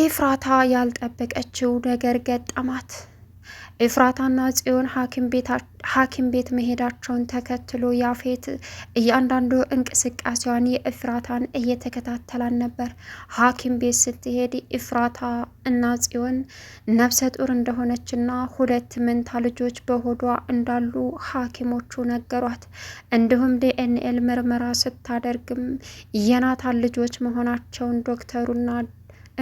ኤፍራታ ያልጠበቀችው ነገር ገጠማት። ኤፍራታና ጽዮን ሐኪም ቤት መሄዳቸውን ተከትሎ ያፌት እያንዳንዱ እንቅስቃሴዋን የኤፍራታን እየተከታተላን ነበር። ሐኪም ቤት ስትሄድ ኤፍራታ እና ጽዮን ነፍሰ ጡር እንደሆነችና ሁለት መንታ ልጆች በሆዷ እንዳሉ ሐኪሞቹ ነገሯት። እንዲሁም ዲኤንኤል ምርመራ ስታደርግም የናታን ልጆች መሆናቸውን ዶክተሩና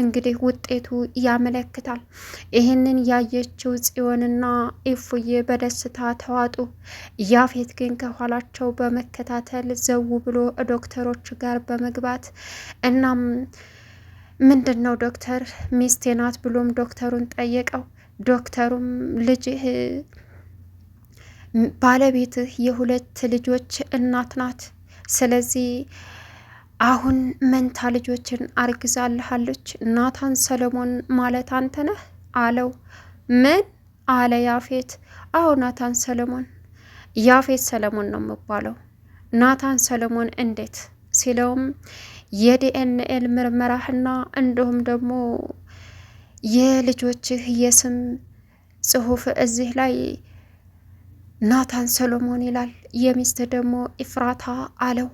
እንግዲህ ውጤቱ ያመለክታል። ይህንን ያየችው ጽዮንና ኢፉዬ በደስታ ተዋጡ። ያፌት ግን ከኋላቸው በመከታተል ዘው ብሎ ዶክተሮች ጋር በመግባት እናም ምንድን ነው ዶክተር ሚስቴ ናት ብሎም ዶክተሩን ጠየቀው። ዶክተሩም ልጅህ ባለቤትህ የሁለት ልጆች እናት ናት፣ ስለዚህ አሁን መንታ ልጆችን አርግዛልሃለች ናታን ሰለሞን ማለት አንተ ነህ አለው። ምን አለ ያፌት። አዎ ናታን ሰለሞን ያፌት ሰለሞን ነው የምባለው። ናታን ሰለሞን እንዴት ሲለውም የዲኤንኤል ምርመራህና እንዲሁም ደግሞ የልጆችህ የስም ጽሁፍ እዚህ ላይ ናታን ሰሎሞን ይላል የሚስት ደግሞ ኢፍራታ አለው።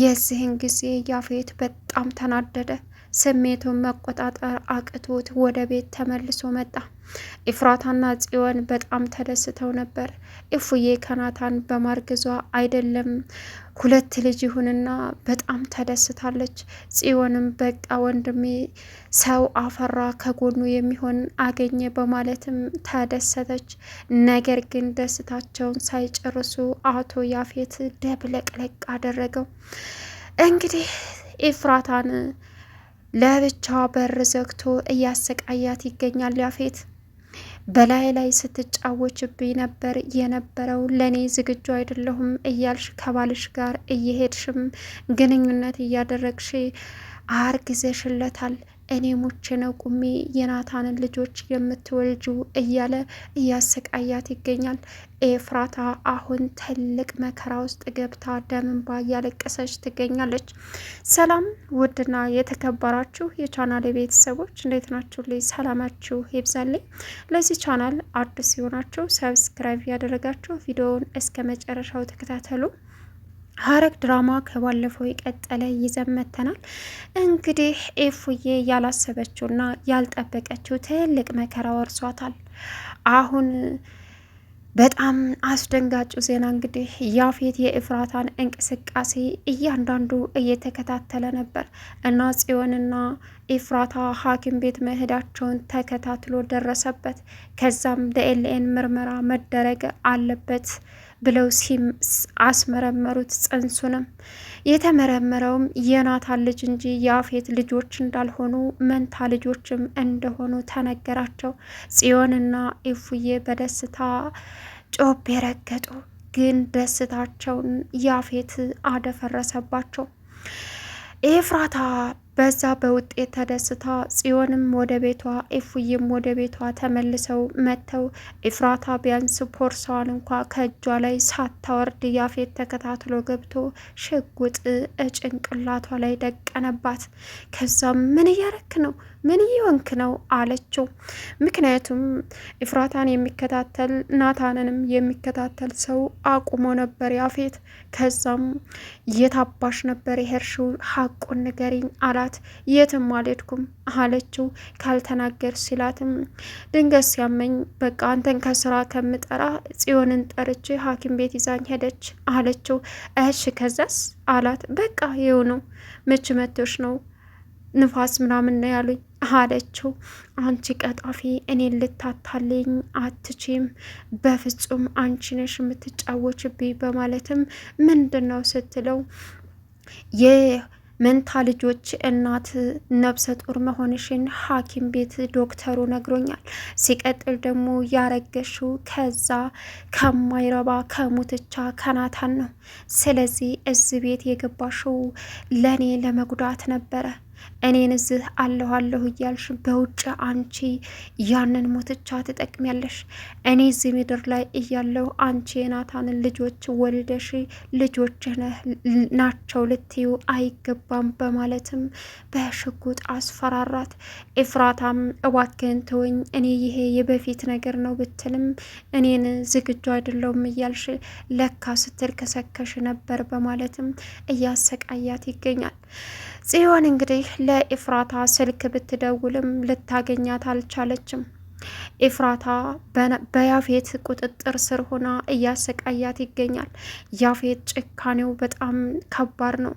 የዚህን ጊዜ ያፌት በጣም ተናደደ። ስሜቱን መቆጣጠር አቅቶት ወደ ቤት ተመልሶ መጣ። ኢፍራታና ጽዮን በጣም ተደስተው ነበር። ኢፉዬ ከናታን በማርገዟ አይደለም ሁለት ልጅ ይሁንና በጣም ተደስታለች። ጽዮንም በቃ ወንድሜ ሰው አፈራ ከጎኑ የሚሆን አገኘ በማለትም ተደሰተች። ነገር ግን ደስታቸውን ሳይጨርሱ አቶ ያፌት ደብለቅለቅ አደረገው። እንግዲህ ኢፍራታን ለብቻዋ በር ዘግቶ እያሰቃያት ይገኛል። ያፌት በላይ ላይ ስትጫወችብኝ ነበር የነበረው ለእኔ ዝግጁ አይደለሁም እያልሽ ከባልሽ ጋር እየሄድሽም ግንኙነት እያደረግሽ አርግዘሽለታል። እኔ ሙቼ ነው ቁሜ የናታንን ልጆች የምትወልጁ እያለ እያሰቃያት ይገኛል። ኤፍራታ አሁን ትልቅ መከራ ውስጥ ገብታ ደምንባ እያለቀሰች ትገኛለች። ሰላም ውድና የተከበራችሁ የቻናል ቤተሰቦች እንዴት ናችሁ? ላይ ሰላማችሁ ይብዛልኝ። ለዚህ ቻናል አዲስ ሲሆናችሁ ሰብስክራይብ ያደረጋችሁ ቪዲዮውን እስከ መጨረሻው ተከታተሉ። ሐረግ ድራማ ከባለፈው የቀጠለ ይዘን መጥተናል። እንግዲህ ኤፉዬ ያላሰበችውና ያልጠበቀችው ትልቅ መከራ ወርሷታል። አሁን በጣም አስደንጋጩ ዜና እንግዲህ ያፌት የእፍራታን እንቅስቃሴ እያንዳንዱ እየተከታተለ ነበር እና ጽዮንና ኢፍራታ ሐኪም ቤት መሄዳቸውን ተከታትሎ ደረሰበት። ከዛም ደኤልኤን ምርመራ መደረግ አለበት ብለው አስመረመሩት። ጽንሱንም የተመረመረውም የናታን ልጅ እንጂ የአፌት ልጆች እንዳልሆኑ መንታ ልጆችም እንደሆኑ ተነገራቸው። ጽዮንና ኢፉዬ በደስታ ጮቤ የረገጡ ግን ደስታቸውን ያፌት አደፈረሰባቸው። ኤፍራታ በዛ በውጤት ተደስታ ጽዮንም ወደ ቤቷ ኢፉዬም ወደ ቤቷ ተመልሰው መጥተው ኢፍራታ ቢያንስ ቦርሳዋን እንኳ ከእጇ ላይ ሳታወርድ ያፌት ተከታትሎ ገብቶ ሽጉጥ ጭንቅላቷ ላይ ደቀነባት። ከዛም ምን እያረክ ነው? ምን እየወንክ ነው አለችው። ምክንያቱም ኢፍራታን የሚከታተል ናታንንም የሚከታተል ሰው አቁሞ ነበር ያፌት። ከዛም የታባሽ ነበር የሄርሽው ሀቁን ንገሪኝ አላ ሲላት የትም አልሄድኩም አለችው። ካልተናገር ሲላትም ድንገት ሲያመኝ በቃ አንተን ከስራ ከምጠራ ጽዮንን ጠርቼ ሐኪም ቤት ይዛኝ ሄደች አለችው። እሽ ከዛስ አላት። በቃ ይኸው ነው ምች መቶች ነው ንፋስ ምናምን ነው ያሉኝ አለችው። አንቺ ቀጣፊ እኔን ልታታልኝ አትችም፣ በፍጹም አንቺ ነሽ የምትጫወችብኝ በማለትም ምንድን ነው ስትለው መንታ ልጆች እናት ነብሰ ጡር መሆንሽን ሐኪም ቤት ዶክተሩ ነግሮኛል። ሲቀጥል ደግሞ ያረገሽው ከዛ ከማይረባ ከሙትቻ ከናታን ነው። ስለዚህ እዚህ ቤት የገባሽው ለእኔ ለመጉዳት ነበረ። እኔን እዚህ አለሁ አለሁ እያልሽ በውጭ አንቺ ያንን ሞትቻ ትጠቅሚያለሽ። እኔ እዚህ ምድር ላይ እያለሁ አንቺ የናታንን ልጆች ወልደሽ ልጆች ናቸው ልትዩ አይገባም በማለትም በሽጉጥ አስፈራራት። ኤፍራታም እባክህን ተወኝ፣ እኔ ይሄ የበፊት ነገር ነው ብትልም እኔን ዝግጁ አይደለሁም እያልሽ ለካ ስትል ከሰከሽ ነበር በማለትም እያሰቃያት ይገኛል። ጽዮን እንግዲህ ለኢፍራታ ስልክ ብትደውልም ልታገኛት አልቻለችም። ኢፍራታ በያፌት ቁጥጥር ስር ሆና እያሰቃያት ይገኛል። ያፌት ጭካኔው በጣም ከባድ ነው።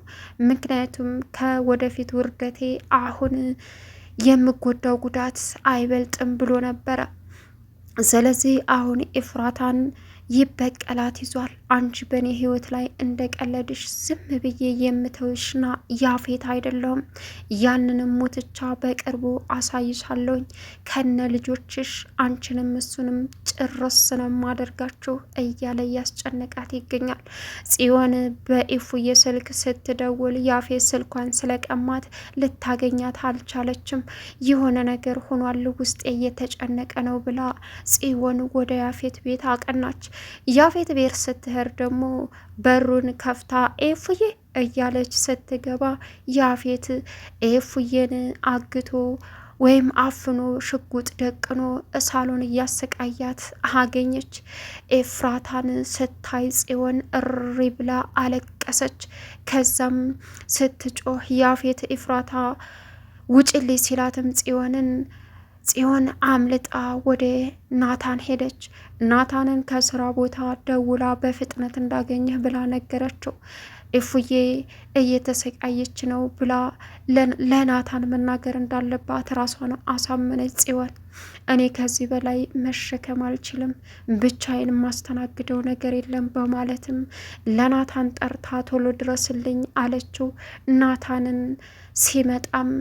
ምክንያቱም ከወደፊት ውርደቴ አሁን የምጎዳው ጉዳት አይበልጥም ብሎ ነበረ። ስለዚህ አሁን ኢፍራታን ይበቀላት ይዟል። አንቺ በእኔ ህይወት ላይ እንደ ቀለድሽ ዝም ብዬ የምተውሽና ያፌት አይደለሁም። ያንንም ሞትቻ በቅርቡ አሳይሻለሁኝ ከነ ልጆችሽ፣ አንቺንም እሱንም ጭርስ ነው ማደርጋችሁ እያለ እያስጨነቃት ይገኛል። ጽዮን በኢፉዬ ስልክ ስትደውል ያፌት ስልኳን ስለቀማት ልታገኛት አልቻለችም። የሆነ ነገር ሆኗል፣ ውስጤ እየተጨነቀ ነው ብላ ጽዮን ወደ ያፌት ቤት አቀናች። ያፌት ቤር ስትሄድ ደግሞ በሩን ከፍታ ኤፉዬ እያለች ስትገባ ያፌት ኤፉዬን አግቶ ወይም አፍኖ ሽጉጥ ደቅኖ ሳሎን እያሰቃያት አገኘች። ኤፍራታን ስታይ ጽዮን እሪ ብላ አለቀሰች። ከዛም ስትጮህ ያፌት ኤፍራታ ውጭልኝ ሲላትም ጽዮንን ጽዮን አምልጣ ወደ ናታን ሄደች። ናታንን ከስራ ቦታ ደውላ በፍጥነት እንዳገኘህ ብላ ነገረችው። እፉዬ እየተሰቃየች ነው ብላ ለናታን መናገር እንዳለባት ራሷን አሳመነች። ጽዮን እኔ ከዚህ በላይ መሸከም አልችልም፣ ብቻዬን የማስተናግደው ነገር የለም በማለትም ለናታን ጠርታ ቶሎ ድረስልኝ አለችው። ናታንን ሲመጣም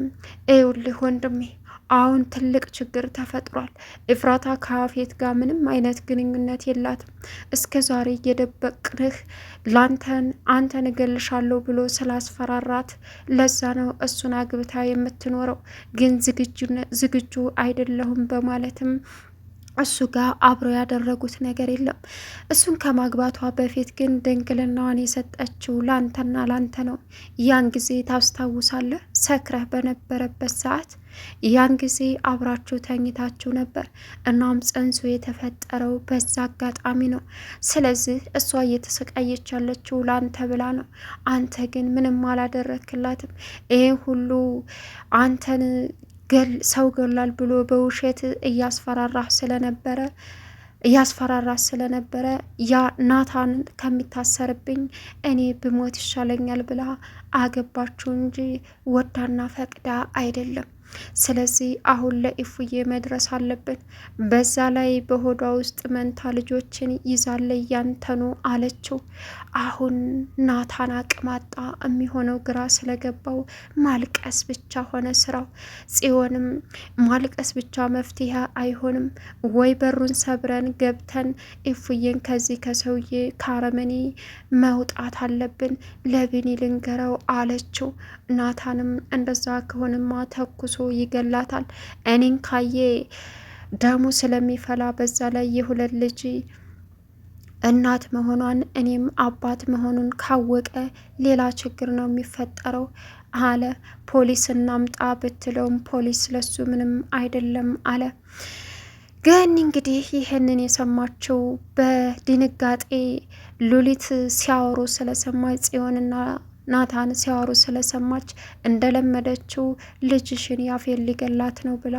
እውልህ ወንድሜ አሁን ትልቅ ችግር ተፈጥሯል። እፍራታ ከያፌት ጋር ምንም አይነት ግንኙነት የላትም። እስከ ዛሬ የደበቅንህ ላንተን አንተን እገልሻለሁ ብሎ ስላስፈራራት ለዛ ነው እሱን አግብታ የምትኖረው። ግን ዝግጁ አይደለሁም በማለትም እሱ ጋር አብረው ያደረጉት ነገር የለም። እሱን ከማግባቷ በፊት ግን ድንግልናዋን የሰጠችው ላንተና ላንተ ነው። ያን ጊዜ ታስታውሳለህ? ሰክረህ በነበረበት ሰዓት ያን ጊዜ አብራችሁ ተኝታችሁ ነበር። እናም ጽንሱ የተፈጠረው በዛ አጋጣሚ ነው። ስለዚህ እሷ እየተሰቃየች ያለችው ላንተ ብላ ነው። አንተ ግን ምንም አላደረክላትም። ይህ ሁሉ አንተን ገል ሰው ገላል ብሎ በውሸት እያስፈራራህ ስለነበረ እያስፈራራ ስለነበረ ያ ናታን ከሚታሰርብኝ እኔ ብሞት ይሻለኛል ብላ አገባችው እንጂ ወዳና ፈቅዳ አይደለም። ስለዚህ አሁን ለኢፉዬ መድረስ አለብን። በዛ ላይ በሆዷ ውስጥ መንታ ልጆችን ይዛለ እያንተኑ አለችው። አሁን ናታን አቅማጣ የሚሆነው ግራ ስለገባው ማልቀስ ብቻ ሆነ ስራው። ጽዮንም ማልቀስ ብቻ መፍትሄ አይሆንም ወይ በሩን ሰብረን ገብተን ኢፉዬን ከዚህ ከሰውዬ ካረመኔ መውጣት አለብን፣ ለቢኒ ልንገረው አለችው። ናታንም እንደዛ ከሆንማ ተኩሶ ይገላታል። እኔን ካየ ደሙ ስለሚፈላ በዛ ላይ የሁለት ልጅ እናት መሆኗን እኔም አባት መሆኑን ካወቀ ሌላ ችግር ነው የሚፈጠረው አለ። ፖሊስ እናምጣ ብትለውም ፖሊስ ለሱ ምንም አይደለም አለ። ግን እንግዲህ ይህንን የሰማችው በድንጋጤ ሉሊት ሲያወሩ ስለሰማ ጽዮንና ናታን ሲያወሩ ስለሰማች እንደለመደችው ልጅሽን ያፌን ሊገላት ነው ብላ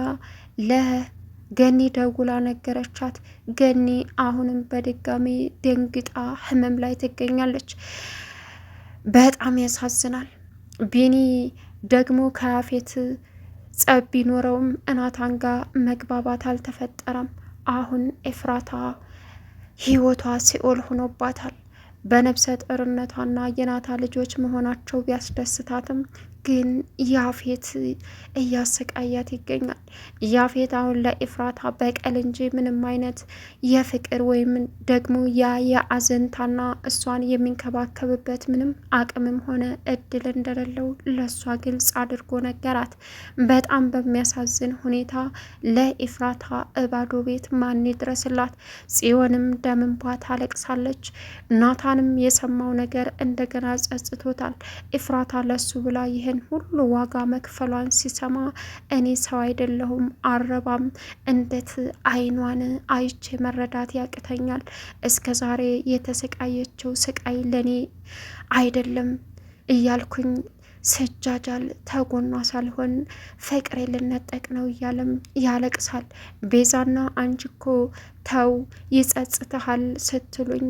ለገኒ ደውላ ነገረቻት። ገኒ አሁንም በድጋሚ ደንግጣ ህመም ላይ ትገኛለች። በጣም ያሳዝናል። ቢኒ ደግሞ ከያፌት ጸብ ቢኖረውም እናታን ጋር መግባባት አልተፈጠረም። አሁን ኤፍራታ ህይወቷ ሲኦል ሆኖባታል። በነብሰ ጥርነቷና የናታ ልጆች መሆናቸው ቢያስደስታትም ግን ያፌት እያሰቃያት ይገኛል። ያፌት አሁን ለኢፍራታ በቀል እንጂ ምንም አይነት የፍቅር ወይም ደግሞ ያ የአዘንታና እሷን የሚንከባከብበት ምንም አቅምም ሆነ እድል እንደሌለው ለእሷ ግልጽ አድርጎ ነገራት። በጣም በሚያሳዝን ሁኔታ ለኢፍራታ እባዶ ቤት ማን ይድረስላት? ጽዮንም ደም እንባ ታለቅሳለች። ናታንም የሰማው ነገር እንደገና ጸጽቶታል። ኢፍራታ ለሱ ብላ ይህን ይህን ሁሉ ዋጋ መክፈሏን ሲሰማ እኔ ሰው አይደለሁም አረባም፣ እንዴት አይኗን አይቼ መረዳት ያቅተኛል? እስከ ዛሬ የተሰቃየችው ስቃይ ለእኔ አይደለም እያልኩኝ ስጃጃል ተጎኗ ሳልሆን ፍቅሬ ልነጠቅ ነው እያለም ያለቅሳል። ቤዛና አንቺ እኮ ተው ይጸጽትሃል ስትሉኝ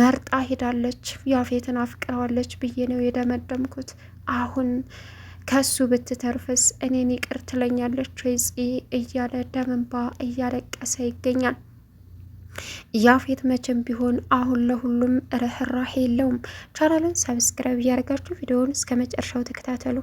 መርጣ ሄዳለች። ያፌትን አፍቅረዋለች ብዬ ነው የደመደምኩት። አሁን ከሱ ብትተርፍስ እኔን ይቅር ትለኛለች ወይ እያለ ደመንባ እያለቀሰ ይገኛል። ያፌት መቼም ቢሆን አሁን ለሁሉም ርኅራሄ የለውም። ቻናሉን ሰብስክራይብ እያደረጋችሁ ቪዲዮውን እስከ መጨረሻው ተከታተሉ።